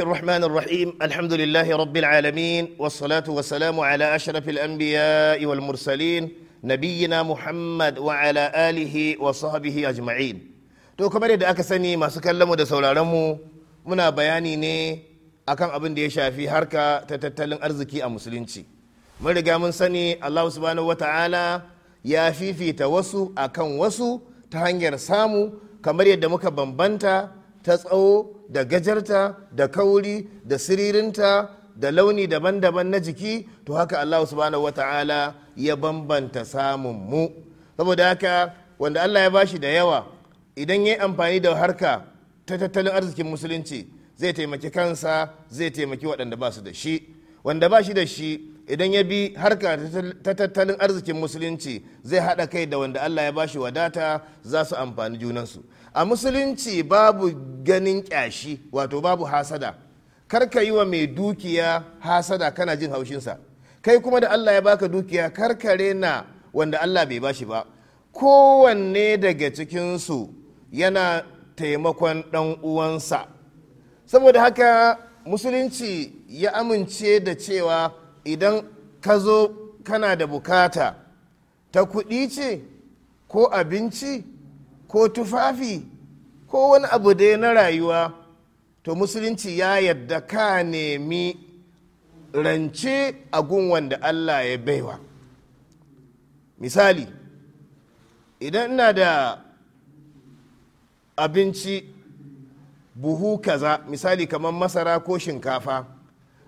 الله الرحمن الرحيم الحمد لله رب العالمين والصلاة والسلام على أشرف الأنبياء والمرسلين نبينا محمد وعلى آله وصحبه أجمعين to kamar yadda aka sani masu kallonmu da mu muna bayani ne akan abin da ya shafi harka ta tattalin arziki a musulunci mun riga mun sani Allah subhanahu wata'ala ya fifita wasu akan wasu ta hanyar samu kamar yadda muka bambanta ta tsawo da gajarta da kauri da siririnta da launi daban-daban na jiki to haka Allah subhanahu wata'ala ya bambanta samun mu saboda haka wanda Allah ya bashi da yawa idan ya yi amfani da harka ta tattalin arzikin musulunci zai taimaki kansa zai taimaki waɗanda ba su da shi wanda ba shi da shi idan ya bi harka ta tattalin arzikin musulunci zai haɗa kai da wanda Allah ya bashi wadata za su amfani junansu a musulunci babu ganin kyashi wato babu hasada kar ka yi wa mai dukiya hasada kana jin haushinsa kai kuma da allah ya baka dukiya kar ka rena wanda allah bai bashi ba kowanne daga cikinsu yana taimakon ɗan uwansa saboda haka musulunci ya amince da cewa idan ka zo kana da bukata ta kuɗi ce ko abinci ko tufafi ko wani abu dai na rayuwa to musulunci ya yadda ka nemi rance a gun wanda allah ya baiwa misali idan ina da abinci buhu kaza misali kamar masara ko shinkafa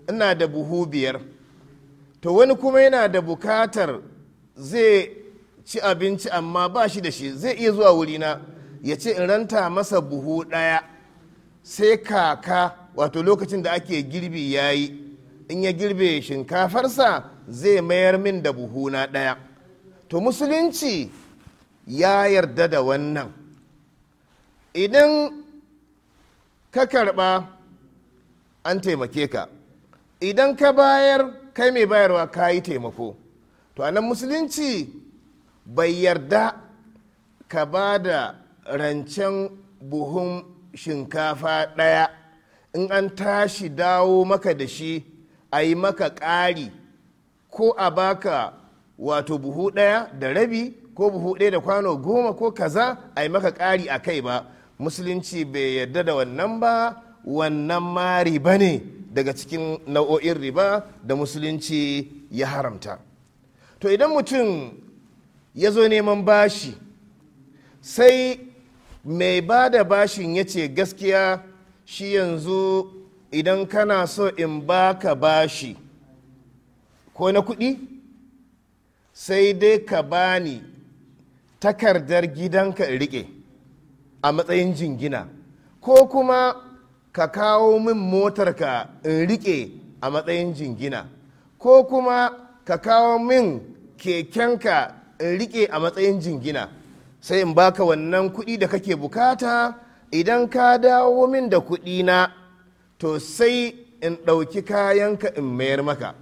ina da buhu biyar to wani kuma yana da bukatar zai ci abinci amma ba shi da shi zai iya zuwa wurina ya ce in ranta masa buhu ɗaya sai kaka wato lokacin da ake girbi ya yi in ya girbe shinkafarsa zai mayar min da buhu na ɗaya to musulunci ya yarda da wannan idan ka karɓa an taimake ka idan ka bayar kai mai bayarwa ka yi taimako to anan musulunci bai yarda ka ba da rancen buhun shinkafa ɗaya in an tashi dawo maka da shi a yi maka ƙari ko a baka wato buhu ɗaya da rabi ko buhu ɗaya da kwano goma ko kaza a yi maka ƙari a kai ba musulunci bai yarda da wannan ba wannan mari ba ne daga cikin nau'o'in riba da musulunci ya haramta to idan mutum ya zo neman bashi sai mai ba da bashin ya ce gaskiya shi yanzu idan kana so in ba ka bashi ko na kuɗi sai dai ka bani takardar gidanka in riƙe a matsayin jingina ko kuma ka kawo min motarka in riƙe a matsayin jingina ko kuma ka kawo min kekenka in rike a matsayin jingina sai in baka wannan kuɗi da kake bukata idan ka dawo min da kuɗi na to sai in ɗauki kayanka in mayar maka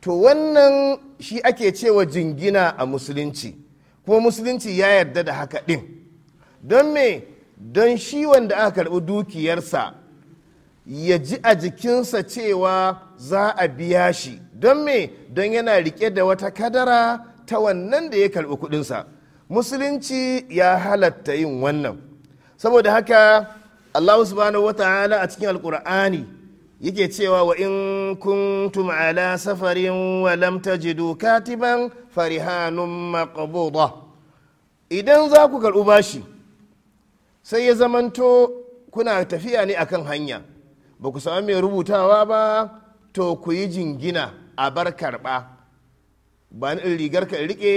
to wannan shi ake cewa jingina a musulunci kuma musulunci ya yarda da haka ɗin don me don shi wanda aka karɓi dukiyarsa ya ji a jikinsa cewa za a biya shi don me don yana rike da wata kadara ta wannan da ya karɓi kuɗinsa musulunci ya halatta yin wannan saboda haka allahu subhanahu wa ta'ala a cikin alkur'ani yake cewa wa in kuntum ala safarin wa lam tajidu katiban farihanun maqbuda idan za ku karɓi bashi sai ya zamanto kuna tafiya ne akan hanya ba ku sami mai rubutawa ba to ku yi jingina a bar karɓa ba ni rigarka in rike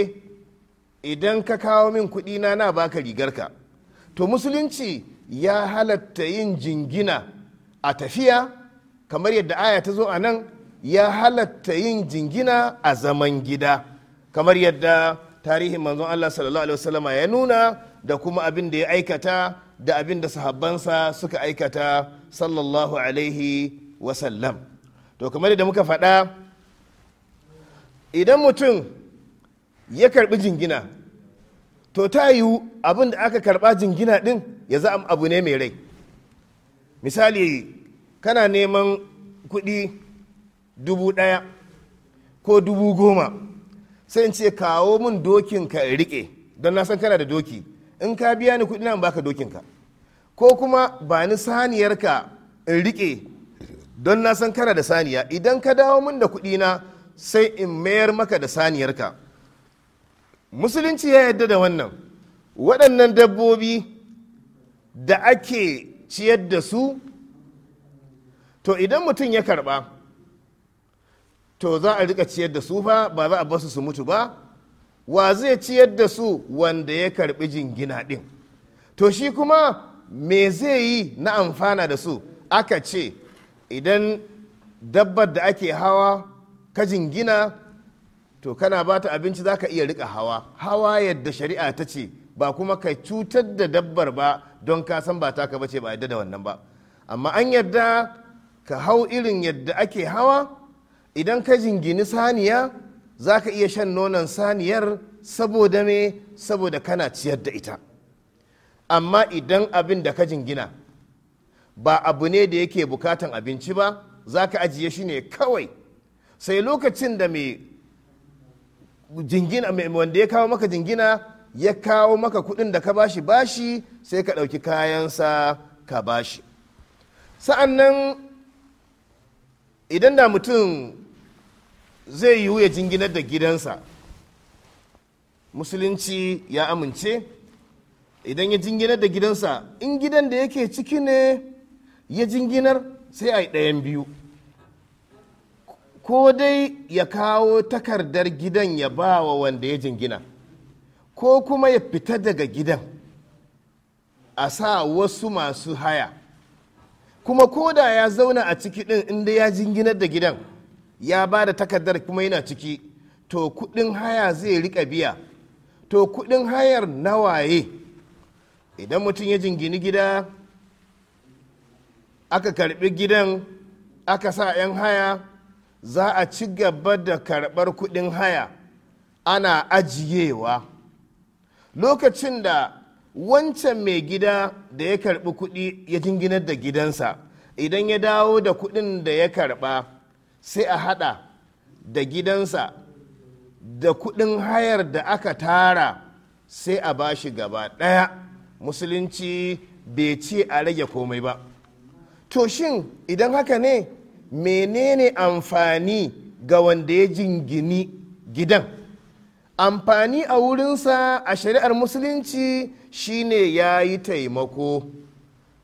idan ka kawo min kuɗi na na baka rigarka to musulunci ya halatta yin jingina a tafiya kamar yadda aya ta zo a nan ya halatta yin jingina a zaman gida kamar yadda tarihin manzon Allah sallallahu alaihi wasallam ya nuna da kuma abin da ya aikata da abin da sahabbansa suka aikata sallallahu alaihi wasallam to kamar yadda muka faɗa idan mutum ya karbi jingina to ta yiwu abin da aka karba jingina din ya za abu ne mai rai misali kana neman kuɗi dubu ɗaya ko dubu goma sai in ce kawo mun dokinka in riƙe don na san kana da doki in ka biya ni kuɗi na baka dokinka ko kuma ba ni saniyarka in riƙe don na san kana da saniya idan ka dawo min da kuɗi na sai in mayar maka da saniyarka musulunci ya yarda da wannan waɗannan dabbobi da ake ciyar da su to idan mutum ya karɓa to za a rika ciyar da su fa ba za a basu su mutu ba wa zai ciyar da su wanda ya karbi jingina ɗin to shi kuma me zai yi na amfana da su aka ce idan dabbar da ake hawa ka jingina to kana ba abinci za ka iya rika hawa hawa yadda shari'a ta ce ba kuma ka cutar da dabbar ba don ka san ba ta taka bace ba yadda da wannan ba amma an yadda ka hau irin yadda ake hawa idan ka jingini saniya za ka iya shan nonon saniyar saboda me saboda kana ciyar da ita amma idan abin da ka jingina ba abu ne da yake bukatan abinci ba za ka ajiye shi ne kawai sai lokacin da mai jingina wanda ya kawo maka jingina ya kawo maka kudin da ka bashi bashi sai ka ɗauki kayansa ka bashi sa'an nan idan da mutum zai yiwu ya jinginar da gidansa musulunci ya amince idan ya jinginar da gidansa in gidan da yake ciki ne ya jinginar sai a yi ɗayan biyu ko dai ya kawo takardar gidan ya ba wa wanda ya jingina ko kuma ya fita daga gidan a sa wasu masu haya kuma ko da ya zauna a ciki ɗin inda ya jinginar da gidan ya ba da takardar kuma yana ciki to kuɗin haya zai rika biya to kuɗin hayar nawaye idan mutum ya jingini gida aka karbi gidan aka sa 'yan haya za a ci gaba da karɓar kuɗin haya ana ajiyewa lokacin da wancan mai gida da ya karɓi kuɗi ya jinginar da gidansa idan ya dawo da kuɗin da ya karɓa sai a haɗa da gidansa da kuɗin hayar da aka tara sai a bashi gaba ɗaya musulunci bai ce a rage komai ba to shin idan haka ne menene amfani ga wanda ya jingini gidan amfani a wurinsa a shari'ar musulunci shine ya yi taimako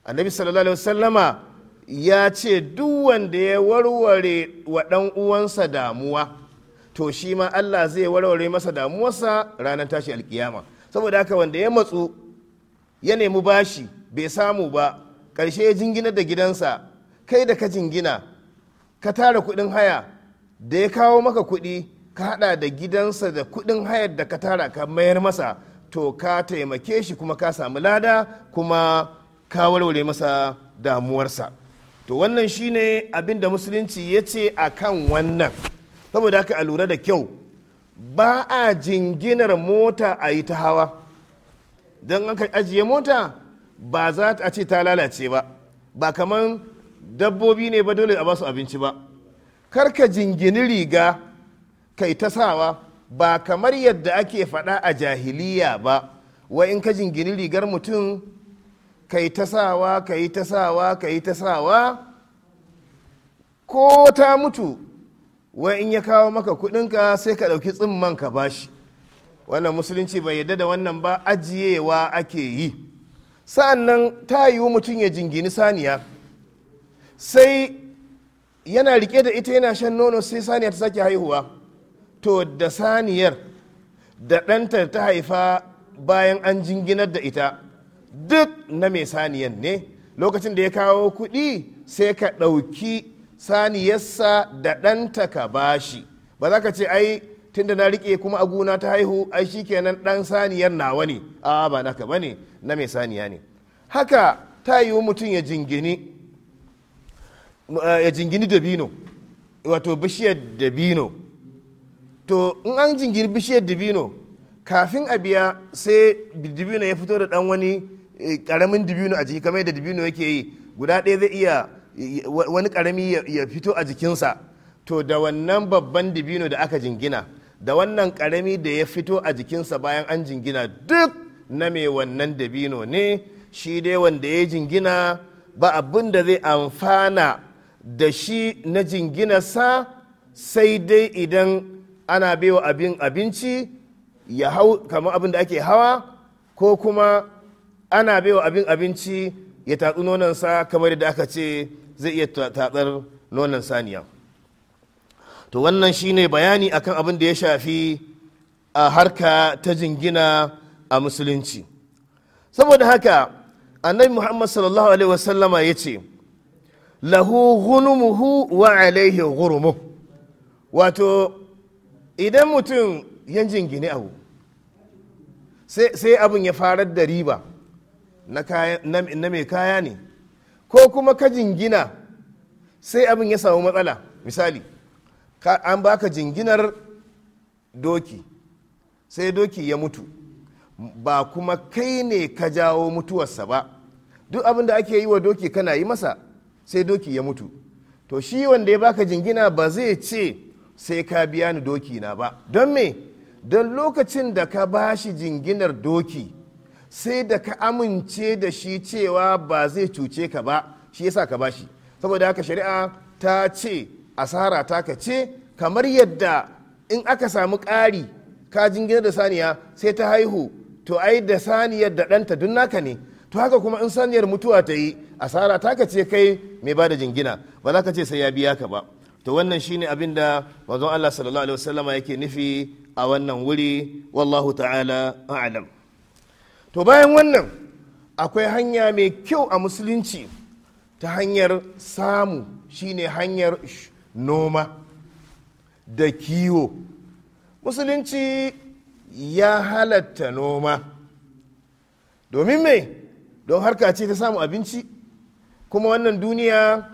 annabi sallallahu alaihi wasallama ya ce duk wanda ya warware wa ɗan uwansa damuwa to shi ma allah zai warware masa damuwarsa ranar tashi alkiyama saboda haka wanda ya matsu ya nemi bashi bai samu ba ƙarshe ya jingina da gidansa kai da ka jingina ka tara kuɗin haya da ya kawo maka kuɗi ka hada da gidansa da kuɗin hayar da ka tara ka mayar masa to ka taimake shi kuma ka samu lada kuma ka warware masa damuwarsa to wannan shine abin da musulunci ya ce a kan wannan saboda haka a lura da kyau ba a jinginar mota a yi ta hawa don aka ajiye mota ba za a ce ta lalace ba ba kamar dabbobi ne ba dole a basu abinci ba kar ka jingini riga kai ta sawa ba kamar yadda ake faɗa a jahiliya ba wa in ka jingini rigar mutum kai ta sawa kai ta sawa kai ta sawa ko ta mutu wa in ya kawo maka kuɗinka sai ka ɗauki tsimman ka bashi wannan musulunci bai yadda da wannan ba ajiyewa ake yi sa'an nan ta yiwu mutum ya jingini saniya sai yana rike da ita yana shan nono sai saniyar ta sake haihuwa to da saniyar da ɗanta ta haifa bayan an jinginar da ita duk na mai saniyan ne lokacin da ya kawo kuɗi sai ka ɗauki saniyarsa da ɗanta ka bashi ba za ka ce ai tunda na rike kuma aguna ta haihu ai shikenan ɗan saniyar nawa ne a ba naka ba ne na mai saniya ne haka ta yiwu mutum ya jingini Eh, ya jingini dabino wato bishiyar dabino to in an jingini bishiyar dabino kafin a biya sai dabino ya fito da dan wani karamin eh, dabino a jiki kamar yadda dabino yake yi guda ɗaya zai iya wani karami ya fito a jikinsa to da wannan babban dabino da aka jingina da wannan karami da ya fito a jikinsa bayan an jingina duk na mai wannan dabino ne shi dai wanda ya jingina ba abin da zai amfana da shi na jinginarsa sai dai idan ana baiwa abin abinci ya hau kamar abin da ake hawa ko kuma ana baiwa abin abinci ya tatsu nonansa kamar da aka ce zai iya tatsar nonon saniya to wannan shine bayani akan abin da ya shafi a harka ta jingina a musulunci saboda haka annabi muhammad sallallahu alaihi wasallama ya ce lahu ghunumuhu wa alaihi gurumu wato idan mutum ya jingine abu sai abin ya farar da riba na mai kaya ne ko kuma ka jingina sai abin ya samu matsala misali an baka jinginar doki sai doki ya mutu ba kuma kai ne ka jawo mutuwarsa ba duk abin da ake yi wa doki kana yi masa sai doki ya mutu to shi wanda ya baka jingina ba zai ce sai ka biya ni doki na ba don me don lokacin da ka ba shi jinginar doki sai da ka amince da shi cewa ba zai cuce ka ba shi yasa ka ba shi. saboda haka shari'a ta ce asara ta ka ce kamar yadda in aka samu ƙari ka jinginar da saniya sai ta haihu to ai da saniyar da ɗanta dun naka ne to haka kuma in saniyar mutuwa ta yi asara ta ka ce kai mai ba da jingina ba za ka ce sai ya biya ka ba to wannan shine abin da manzon Allah sallallahu alaihi wasallama yake nufi a wannan wuri wallahu ta'ala a'lam to bayan wannan akwai hanya mai kyau a musulunci ta hanyar samu shine hanyar noma da kiwo musulunci ya halatta noma domin mai don harka ce ta samu abinci kuma wannan duniya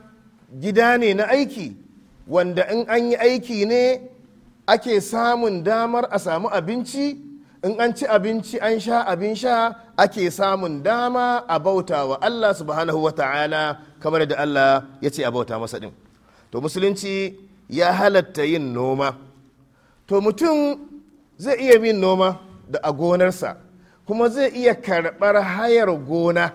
gida ne na aiki wanda in an yi aiki ne ake samun damar a samu abinci in an ci abinci an sha abin sha ake samun dama a bauta wa Allah subhanahu wa ta'ala kamar da Allah ya ce a bauta masa din? to musulunci ya halatta yin noma to mutum zai iya yin noma da a gonarsa kuma zai iya karɓar hayar gona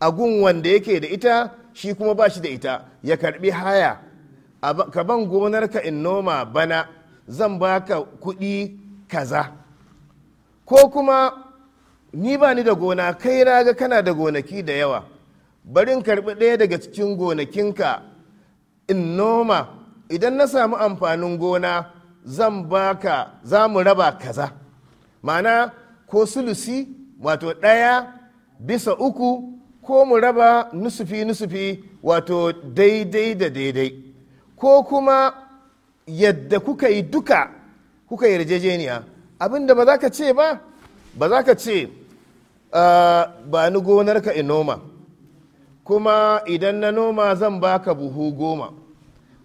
a gun wanda yake da ita shi kuma ba shi da ita ya karɓi haya ka ban gonarka in noma bana zan ba ka kuɗi kaza ko kuma ni ba ni da gona kai na kana da gonaki da yawa barin karɓi ɗaya daga cikin gonakinka in noma idan na samu amfanin gona zan ba ka za mu raba kaza ma'ana ko sulusi wato ɗaya bisa uku ko mu raba nusufi nusufi wato daidai da daidai ko kuma yadda kuka yi duka kuka yi yarjejeniya abinda ba za ka ce ba ba za ka ce ah, ba ni gonarka in noma kuma idan na noma zan baka buhu goma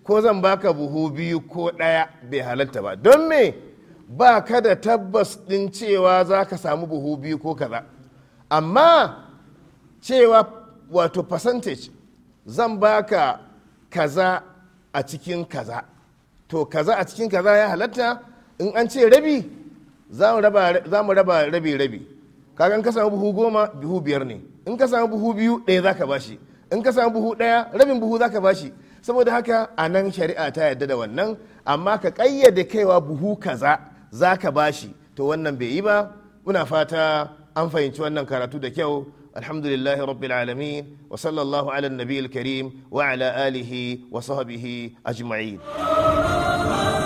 ko zan baka buhu biyu ko ɗaya bai halatta ba don me ba ka da tabbas ɗin cewa za ka samu buhu biyu ko kaza amma cewa wato percentage zan ba ka kaza a cikin kaza to kaza a cikin kaza ya halatta in an ce rabi za mu raba rabi rabi kagan ka samu buhu goma buhu biyar ne in ka samu buhu biyu ɗaya za ka bashi in ka samu buhu ɗaya rabin buhu za ka bashi saboda haka a nan shari'a ta yarda da wannan amma ka ƙayyade kaiwa buhu kaza za ka bashi to wannan bai yi ba muna fata an fahimci wannan karatu da kyau alhamdulillahi rabbil alamin wa sallallahu ala nabiyil karim wa ala alihi wa sahbihi ajma'in